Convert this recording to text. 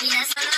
皆様